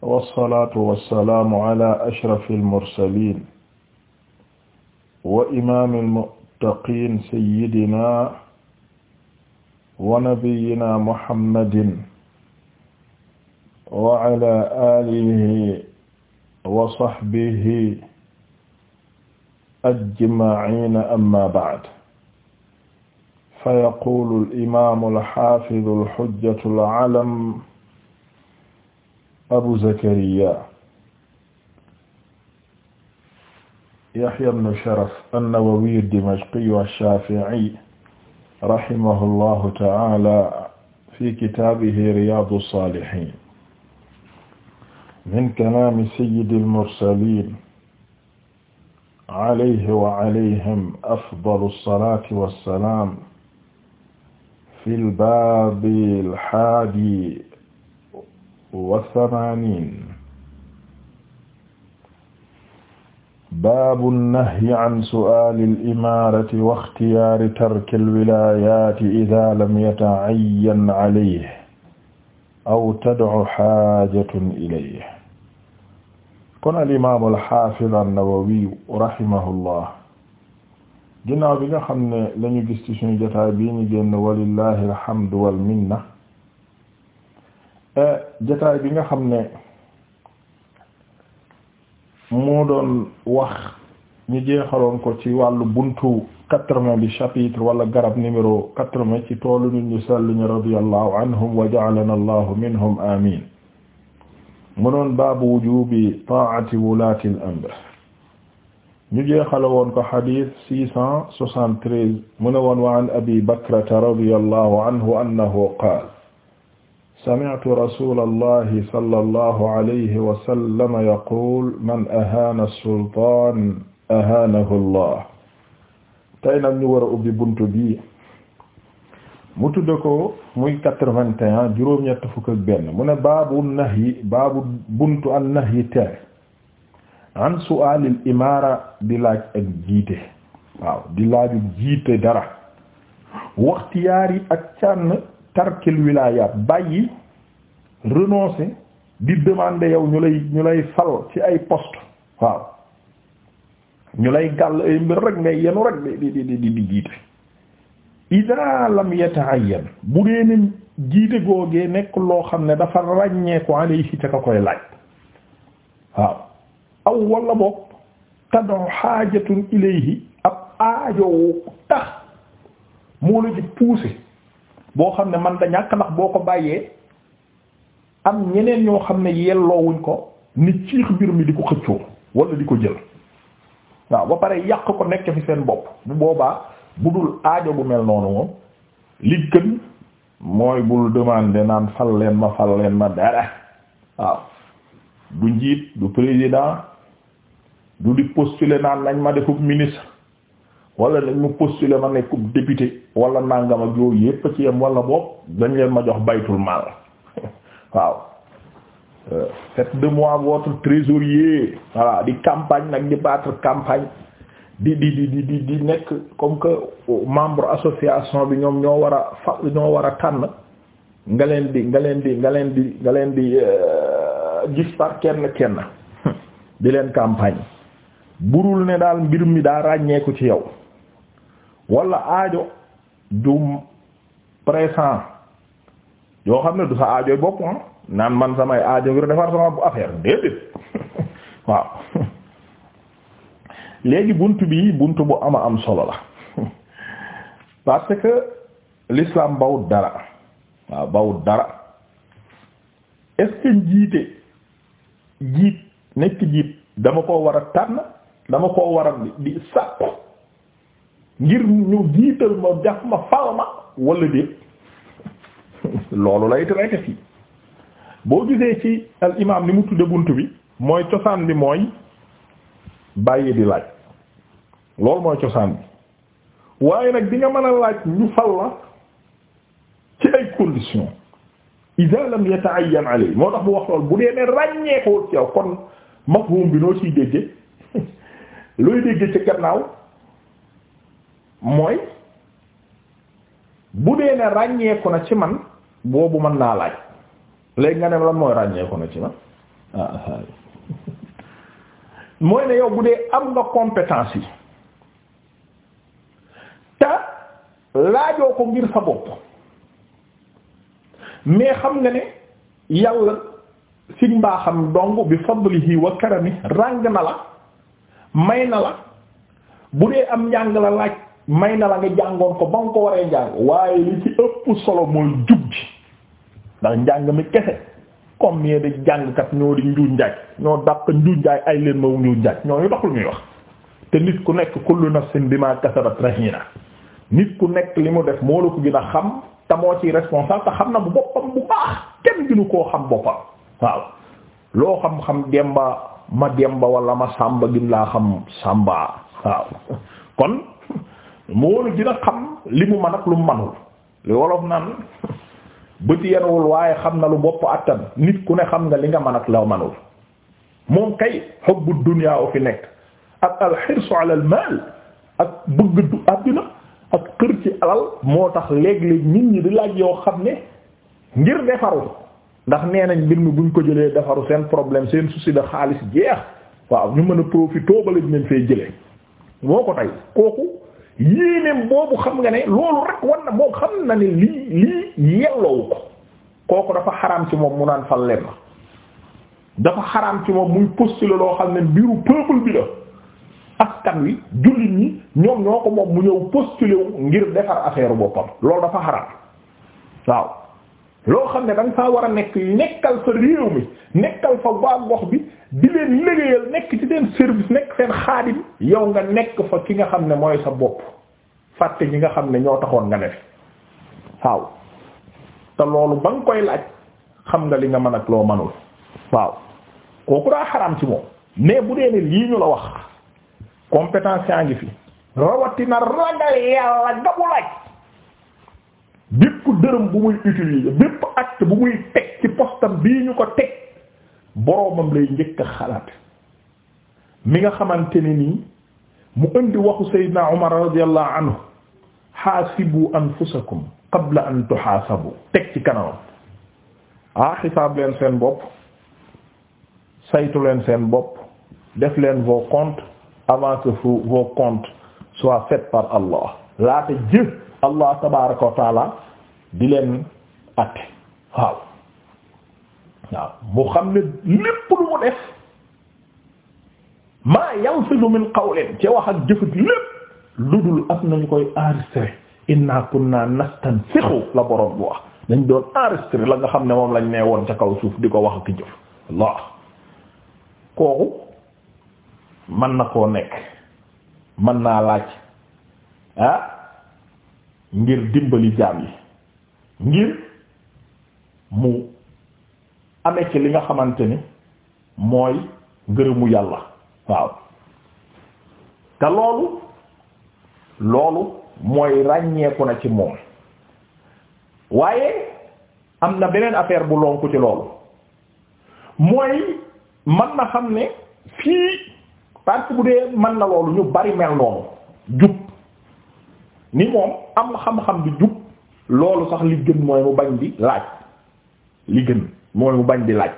wasalaatu wasalaamu ala ashrafil mursaliin wa imaamil muttaqiin sayyidinaa wa nabiyyinaa muhammadin wa ala aalihi wa sahbihi ajmaciina amma ba'd fa yaquulu al imaamu al xaafidu al xujjatu al alam abu zakariya yahya ibn sharaf an-nawawi ad-dimashqi ash-shafi'i rahimahullahu ta'ala fi kitaabihi riyaadu saalihiin min kalaami sayyidil mursaliin alayhi wa alayhim afdalu salaati wa salaam fil baabil haadi wa samaaniin baabu nahyi an su'aali al-imaarati wa ixtiyaari tarki al-wilaayaati idaa lam yata'ayyan alayhi aw tad'u haajatun ilayhi. kon al-imaam al-haafiz an-nawawi rahimahullah ginnaaw bi nga xam ne lañu gis ci suñu jotaay bii ñu génn walillaahi alhamdu wal minna. Eh, jotaay bi nga xam ne moo doon wax ñu jeexaloon ko ci wàllu buntu quatre-vingt bi chapitre wala garab numéro quatre-vingt ci toolu nit ñu sell ñu radiyallahu wa ja'alana allahu minhum amin mu doon baabu wujubi ta'ati wulati al-amr ñu jeexale woon ko xadis mu ne wa an abi bakrata radiyallahu anhu annahu qaala sami'tu rasulallahi sallallahu alayhi wa sallam yaqul man ahaana as-sultaan ahaanahu Allah tey nag ñu war a ubbi buntu bii mu tudd ko muy quatre-vingt-un juróom-ñett fukk ak benn mu ne baabu nahyi baabu buntu an-nahyi tere an su'aalil imaara di laaj ak jiite waaw di laaju jiite dara waxtiyaar yi ak cànn tarkil wilayaat bàyyi renoncer di demander yow ñu lay ñu lay fal ci ay poste waaw ñu lay gàll ay mbir rek ngay yenu rek di di di di jiite ida lam yata'ayyan bu dee ni jiite googee nekk loo xam ne dafa ràññeeku alayhi ca ka koy laaj waaw aw wala boog tadon xaajatun ilayhi ab aajowu tax moo la ci pousser boo xam ne man da ñàkk ndax boo ko bàyyee am ñeneen ñoo xam ne yelloowuñ ko nit ciix mbir mi di ko xëccoo wala di ko jël waaw ba pare yàq ko nekk fi seen bopp bu boobaa bu dul aajo bu mel noonu moom li gën mooy bul demander naan fal leen ma fal leen ma dara waaw du njiit du président du di postuler naan nañ ma defub ministre wala nañ mu postuler ma nekkub député wala nangam ak yooyu yépp ci yam wala boob dañ leen ma jox baytul maal waaw euh, faites de moi votre trésorier voilà di campagne nag di battre campagne di di di di nekk comme que membre association bi ñoom ñoo war a ñoo war a tànn nga leen di nga leen di nga leen di nga leen di euh, gis par kenn kenn di leen campagne burul ne daal mbir mi daa ràññeeku ci yow wala aajo du présent yoo xam ne du sa aajo bopp ah naan man samay aajo ngir defar sama affaire déedéet waaw léegi bunt bi bunt bu ama am solo la parce que l'islam bawut dara waaw bawut dara est-ce que njiite jiit nekk jiit dama koo war a tànn dama koo war a di sàkku ngir ñu jiital ma jaf ma fal ma wala déet loolu lay traité fii boo gisee ci al imam ni mu tudde bunt bi mooy cosaan bi mooy bàyyi di laaj loolu mooy cosaan bi waaye nag di nga mën a laaj ñu fal la ci ay conditions idha lam yata'ayyan alay moo tax mu wax loolu bu dee ne ràññeekoo ci yow kon mafhum bi noo ciy dégge looy dégge ci gannaaw mooy bu dee ne ràññeeku na ci man boobu mën naa laaj léegi nga ne lan mooy ràññeeku na ci man ah, ah. mooy ne yow bu dee am nga compétence yi te laajoo ko ngir sa bopp mais xam nga ne yàlla si mbaaxam dong bi fadlihi wa karami ràng na la may na la bu dee am njàng la laaj may na la nga jàngoon ko ba nga ko waree jàng waaye li ci ëpp solo mooy jub ji ndax njàng mi kese combien de ñoo di njuuj njaaj ñoo dàq njuuj ay leen ma ñoo ñu taxul ñuy wax te nit ku nekk kullu nafsin bima kasabat rahina nit ku nekk li mu def moo la ko gën a xam te ci ciy responsable te xam na bu boppam bu baax kenn ginu koo xam boppam waaw loo xam-xam demba ma demba wala ma sàmba gin laa xam sàmba waaw kon moo la gën xam li mu mën ak lu mu manul li wolof naan bëti yenuwul waaye xam na lu bopp attan nit ku ne xam nga li nga mën ak la manul moom kay hubbu dunya o fi nekk ak al hirsu ak bëgg du àddina ak xër ci alal moo tax léeg-léeg nit ñi di laaj yoo xam ne ngir defaru ndax nee nañ mbir mi buñ ko jëlee defaru seen problème seen souci de xaalis jeex waaw ñu mën a profité ba la dinañ fee jëlee moo ko tey kooku yéeneem boobu xam nga ne loolu rek war na moo xam na ne lii lii yelloowu ko kooku dafa xaraam ci moom mu naan fal leen ma dafa xaraam ci moom muy postuler loo xam ne mbiru peuple bi la askan wi jullit ñi ñoom ñoo ko moom mu ñëw postuler wu ngir defar affaire boppam loolu dafa xaraam waaw loo xam ne da nga war a nekk nekkal fa réew mi nekkal fa waa gox bi di leen liggéeyal nekk ci seen service nekk seen xaadim yow nga nekk fa ki nga xam ne mooy sa bopp fàtte ñi nga xam ne ñoo taxoon nga ne fi waaw te loolu ba nga koy laaj xam nga li nga mën ak loo mënul waaw kooku daa xaram ci moom mais bu dee ne lii ñu la wax compétence yaa ngi fi rawatina ragal yàlla gabu laaj dërëm bu muy utiliser bépp acte bu muy teg ci postam bii ñu ko teg boroomam lay njëkk a xalaat mi nga xamante ni nii mu indi waxu Seydina Umar radiyallahu anhu xaasibu anfusakum qabla an tuhaasabu teg ci kanamam ah xisaab leen seen bopp saytu leen seen bopp def leen vos comptes avant que vos comptes soient par Allah laata jëf Allah tabaaraka wa di leen atte waaw waaw mu xam ne lépp lu mu def maa yalfidu min qawlin ci wax ak jëfat lépp lu dul am nañu koy enregistré inna kunna nastansikhu la boroom bu wax dañ doon enregistré la nga xam ne moom lañ nee woon ca kaw suuf di ko wax ak jëf Allah kooku mën na koo nekk mën naa laaj ah, ngir dimbali jaam yi ngir mu ame ci li nga xamante ni mooy ngërëmu yàlla waaw te loolu loolu mooy ràññeeku na ci moom waaye am na beneen affaire bu lonku ci loolu mooy man na xam ne fii parce bu dee man na loolu ñu bari mel noonu jub ni moom am xam-xam bi jub loolu sax li gën mooy mu bañ di laaj li gën mooy mu bañ di laaj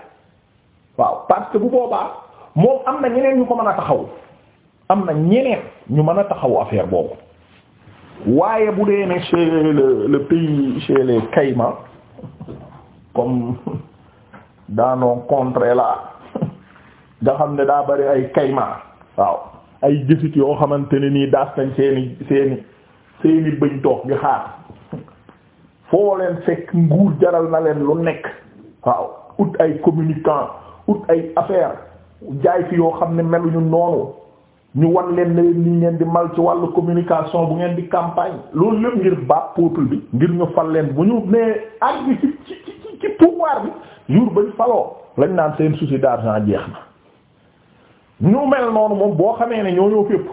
waaw parce que bu boobaa moom am na ñeneen ñu ko mën a taxaw am na ñeneen ñu mën a taxaw affaire boobu waaye bu dee ne chez le le pays chez les Caïmans comme dans nos contrées nga xam ne daa bari ay Caïmans waaw ay jësit yoo xamante ne nii daas nañ seeni seeni seeni bëñ toog di xaar foo leen fekk nguur jaral na leen lu nekk waaw ut ay communicant ut ay affaire jaay fi yoo xam ne meluñu noonu ñu wan leen ne leen ngeen di mal ci wàllu communication bu ngeen di campagne loolu lépp ngir baab peuple bi ngir ñu fal leen bu ñu nee ak bi ci ci ci ci pouvoir bi jour bañ faloo lañ naan seen souci d'argent jeex na ñu mel noonu moom boo xamee ne ñoo ñoo fépp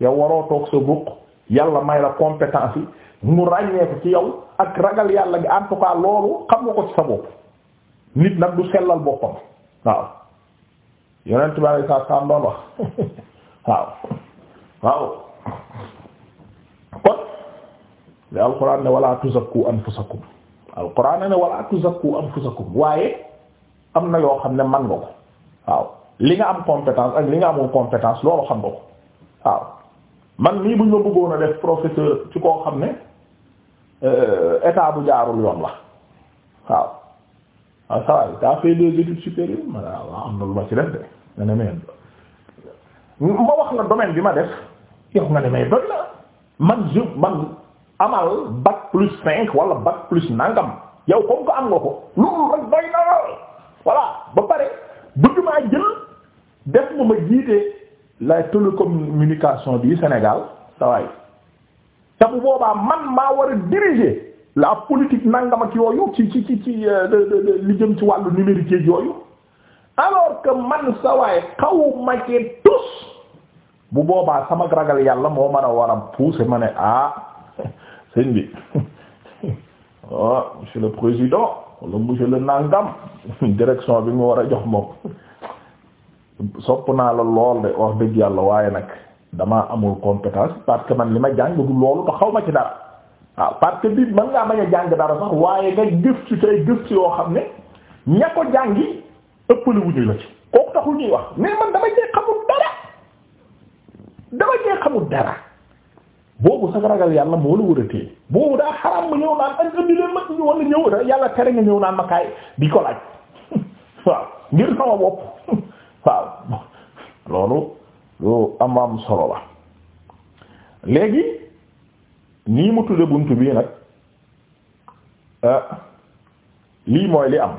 yow waroo toog sa bokk yàlla may la compétence yi mu ràññee ko ci yow ak ragal yàlla gi en loolu xam nga ko ci sa bopp nit nag du sellal boppam waaw yonent ne wala tuzakku anfusakum alquran ne wala tuzakku waaye am na yoo xam ne man nga ko waaw li nga am compétence ak li nga amul compétence loolu xam nga ko waaw man nii bu ma bëggoon def professeur ci koo xam ne euh, état bu jaarul yoon la waaw waaw ah, ça va t'as fait des études supérieures ma am na lu ma ci def de nga ne ma wax la domaine bi ma def yow nga ne mais doy na man je man amal bac cinq wala bac nangam yow comme ko am nga ko loolu rek doy na voilà ba pare bëgg maa jël def ma ma jiite. la télécommunication du Sénégal sawaay te bu boobaa man maa war a diriger la politique nangam ak yooyu ci ci ci euh, li jëm ci wàllu numérique yooyu alors que man sawaay xaw ma ci tus bu boobaa sama ragal yàlla moo mën a war a pousser ma ne ah sëñ bi ah monsieur le président wala monsieur le nangam direction bi mu war a jox moom sopp naa la lool de wax dëgg yàlla waaye nag damaa amul compétence parce que man li ma jàng du loolu te xaw ma ci dara waaw parce que bi man ngaa bañ a jàng dara sax waaye nga gëstu tey gëstu yoo xam ne ña ko jàngi ëppale la ci kooku taxul ñuy wax mais man dama cee xamul dara dama cee xamul dara boobu sax ragal yàlla moo la war a téye boobu daa xaram ma ñëw naan ak andi leen ma ñëw yàlla tere nga ñëw naan ma kaay di ko laaj waaw ngir sama bopp waaw loolu lu am am solo la léegi nii mu tudde buntu bii nag ah, lii mooy li am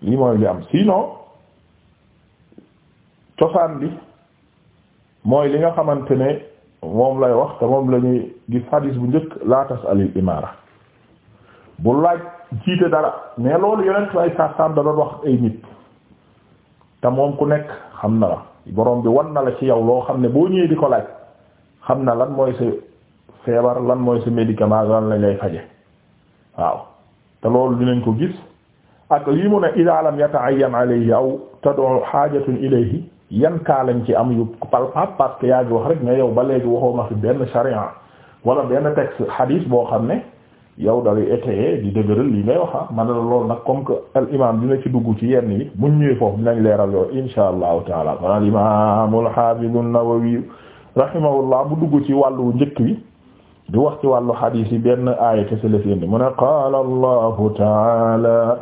lii mooy li am sinon cosaan bi mooy li nga xamante ne moom lay wax te moom la ñuy gis hadis bu njëkk la tasalil imara bu laaj jiite dara mais loolu yonent lay sasam da wax ay nit te moom ku nekk xam na la borom bi wan na la ci yow loo xam ne boo ñëwee di ko laaj xam na lan mooy si feebar lan mooy si médicament lan lañ lay faje waaw te loolu dinañ ko gis ak lii mu ne idaa lam yata'ayyan alayhi aw tad'u haajatun ilayhi yan kaa lañ ci am yu palpable parce yaa ngi wax rek mais yow ba léegi waxoo ma fi benn charia wala benn texte hadith boo xam ne yow dalay étayé di dëgëral li ngay wax ah man la nag comme que al imam dina ci dugg ci yenn yi buñ ñëwee foofu dinañ leeral loolu insha allahu taala kon al imam al hafiz an-Nawawi rahimahullah bu dugg ci wàllu njëkk wi di wax ci wàllu hadith yi benn aaya kese la fi indi mu ne qaala allahu taala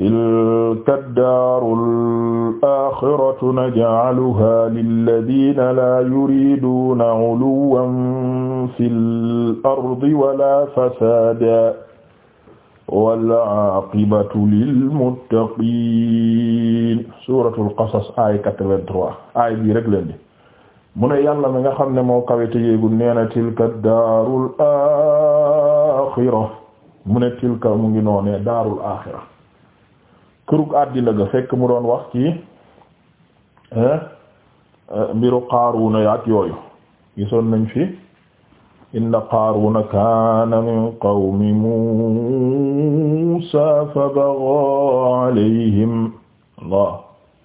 tilka daaru al-aaxiratu naj'aluhaa lillaziina laa yuriiduuna 'uluwwan fil ardi walaa fasaadan wal 'aaqibatu lil-muttaqiin suuratul qasas aaya 83 aaya bii rek leen di mu ne yàlla mi nga xam ne moo kawe te yéegul nee na tilka daaru al-aaxira mu ne tilka mu ngi noonee daaru al-aaxira kërug àddina ga fekk mu doon wax ci mbiru Qaaruuna yaat yooyu gisoon nañ fi inna Qaaruuna kaana min qawmi Muusaa fa baghaa alayhim Allah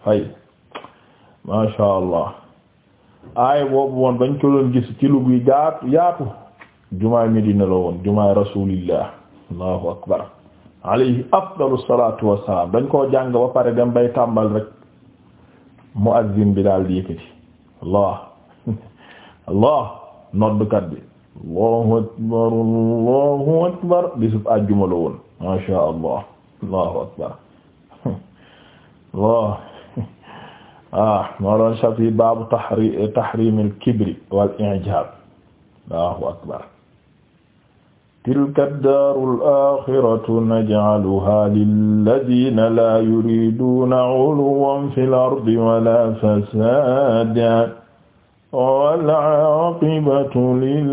hay ma sha Allah aay boobu woon bañ ko doon gis ci lugu yaatu yaatu jumaay Medina la woon jumaay akbar alayhi afdalu salaatu wassalaam dañ koo jàng ba pare dem bay tàmbal rek muazzin bi daal di yëkkati allah allah noddkat bi allahu akbar allahu akbar bisub àjjuma la woon ma sha allah allahu akbar allah ah moo doon shafi baabu tahri tahrim al kibri wal i'jab allahu akbar tilka daarul aaxiratu naj'aluhaa lillaziina laa yuriiduuna 'uluwwan fil ardi walaa fasaadan wal 'aaqibatu lil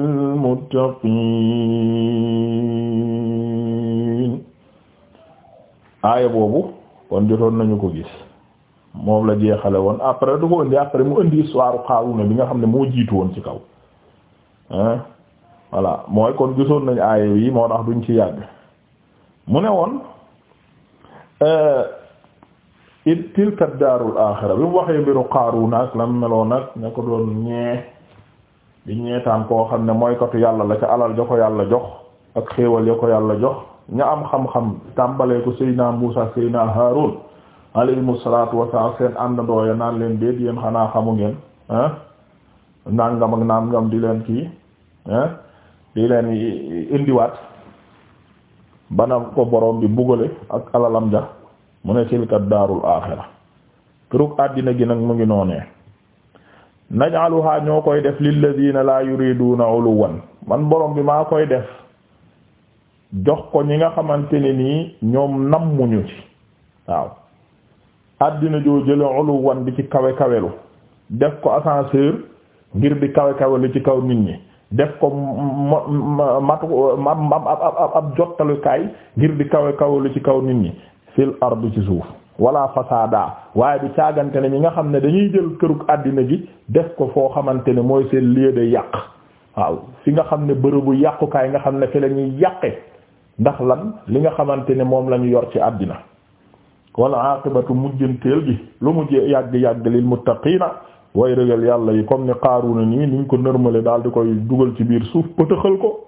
muttaqiin aaya boobu kon jotoon nañu ko gis moom la jeexale woon après du ko indi après mu indi histoire Qaaruuna bi nga xam ne moo jiitu woon ci kaw ah voilà mooy kon gisoon nañu aaya yi moo tax duñ ci yàgg mu ne woon euh, it tilka daarul aaxira bi mu waxee mbiru Qaaruun ak lan meloon nag ne ko doon ñee di ñeetaan koo xam ne mooy katu yàlla la ca alal ja ko yàlla jox ak xéewal ya ko yàlla jox ña am xam-xam tàmbalee ko Seydina Muusaa Seydina Haaruun salaatu wa salaam seen àndandoo ya naan leen déet yéen xanaa xamu ngeen ah nangam ak nangam di leen kii di leen indiwaat bana ko borom bi bugale ak alalam ja mu ne tilka daarul aaxira turug àddina gi nag mu ngi noonee naj'aluha ñoo koy def lilladina la yuriduna uluwan man borom bi maa koy def jox ko ñi nga xamante ne nii ñoom nammuñu ci waaw àddina joo jële uluwan bi ci kawe kawelu def ko ascenseur ngir di kawe kawelu ci kaw nit ñi def ko matu ab jottalukaay ngir di kawe kawe lu ci kaw nit ñi fil ardu ci suuf wala fasada waaye du caagante ne ñi nga xam ne dañuy jël kërug àddina gi def ko foo xamante ne mooy seen lieu de yàq waaw fi nga xam ne bërëbu yàqukaay nga xam ne fi la ñuy yàqe ndax lan li nga xamante ne moom lañu yor ci àddina walla aqibatu mujjanteel gi lu mujj yàgg yàgg lil muttaqina way rëgal yàlla yi comme ni na nii niñ ko nërmale daal di koy dugal ci biir suuf pëtëxal ko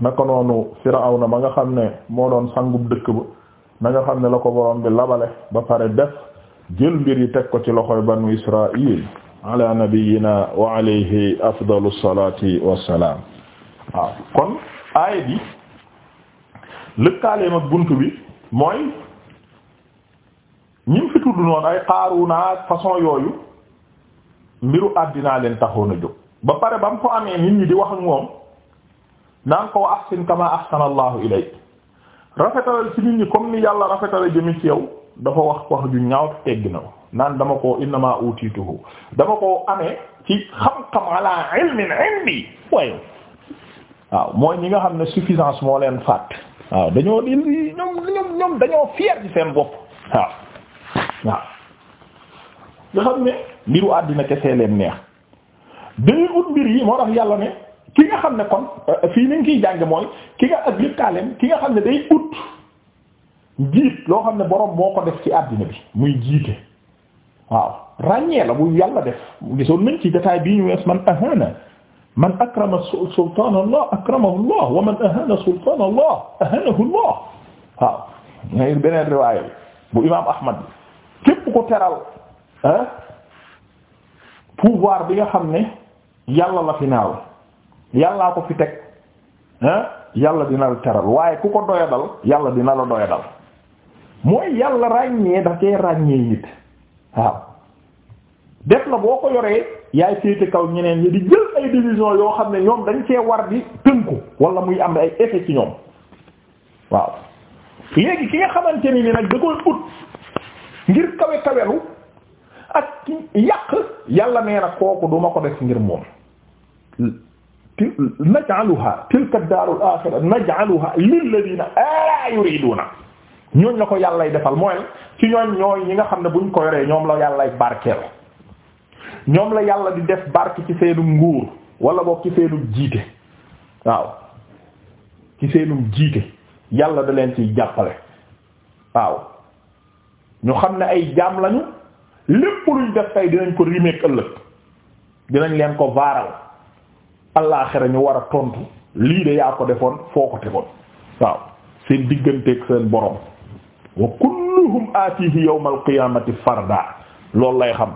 naka noonu Firawna ma nga xam ne moo doon sangub dëkk ba na nga xam ne la ko borom bi labale ba pare def jël mbir yi teg ko ci loxo banu Israil ala nabiyyina wa alayhi afdalu salati wassalam waaw kon aaya bi lëkkaaleem ak bunt bi mooy ñim fi tudd noonu ay Qaaruna façon yooyu mbiru àddina leen taxoon a jóg ba pare ba mu ko amee nit ñi di wax ak moom naan ko ahsin kama ahsana allahu ilay rafetalal ci nit ñi comme ni yàlla rafetala jëmi ci yow dafa wax wax ju ñaaw tegg na ko naan dama ko innama utituhu dama ko amee ci xam-xam ala ilmin indi waaye waaw mooy ñi nga xam ne suffisance moo leen faat waaw dañoo di ñoom ñoom ñoom dañoo fier ci seen bopp waaw waaw nga xam ne mbiru àddina kese leen neex dañuy ut mbir yi moo tax yàlla ne ki nga xam ne kon euh, fii ni nga kiy jàng mooy ki nga ak lëkkaaleem ki nga xam ne day ut jiit loo xam ne boroom moo ko def ci àddina bi muy jiite waaw ràññee la bu yàlla def gisoon nañ ci détail bii ñu wees man ahana man akrama sultaan allah akramahu allah wa beneen riwaaya bu imaam ahmad képp ko teral pouvoir bi nga xam ne yàlla la fi naaw yàllaa ko fi teg ah yàlla dina la teral waaye ku ko doyadal yàlla dina la doyadal mooy yàlla ràññee da cee ràññee nit waaw def la boo ko yoree yaay féete kaw ñeneen ñi di jël ay division yoo xam ne ñoom dañ cee war di tënku wala muy am ay effet ci ñoom waaw léegi ki nga xamante ni nag da koy ut ngir kawe kawelu ak yàq yàlla nee na kooku du ma ko def ngir moom til naj'aluha tilka daarul aaxira naj'aluha lilladina laa yuriduna ñooñ la ko yàllay defal mooy ci ñooñ ñooy ñi nga xam ne buñ ko yoree ñoom la yàllay barkeel ñoom la yàlla di def barke ci seenu nguur wala boog ci seenu jiite waaw ci seenu jiite yàlla da leen ciy jàppale waaw ñu xam ne ay jaam lañu lépp luñ def tey dinañ ko rimeek ëllëg dinañ leen ko vaaral allaaxira ñu war a tontu lii de yaa ko defoon foo ko tegoon waaw seen digganteeg seen borom wa kulluhum aatihi yawmal qiyaamati farda loolu lay xam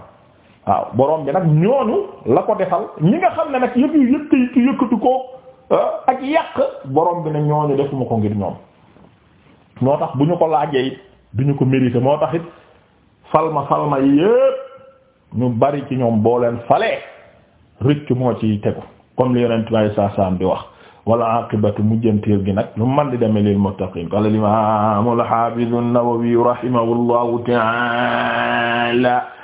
waaw boroom bi nag ñooñu la ko defal ñi nga xam ne nag yëpp yu yëkkati yëkkati ko ah, ak yàq boroom bi nag ñooñu defuma ko ngir ñoom moo tax bu ñu ko laajee it du ko mérité moo tax falma falma yi yépp ñu bari ci ñoom boo leen falee rëcc moo ci tegu comme li yonent bi saa saam bi wax wala aqibatu mujjantiir gi nag lu man di deme lil muttaqin qala al imam al hafiz an-Nawawi rahimahullahu ta'ala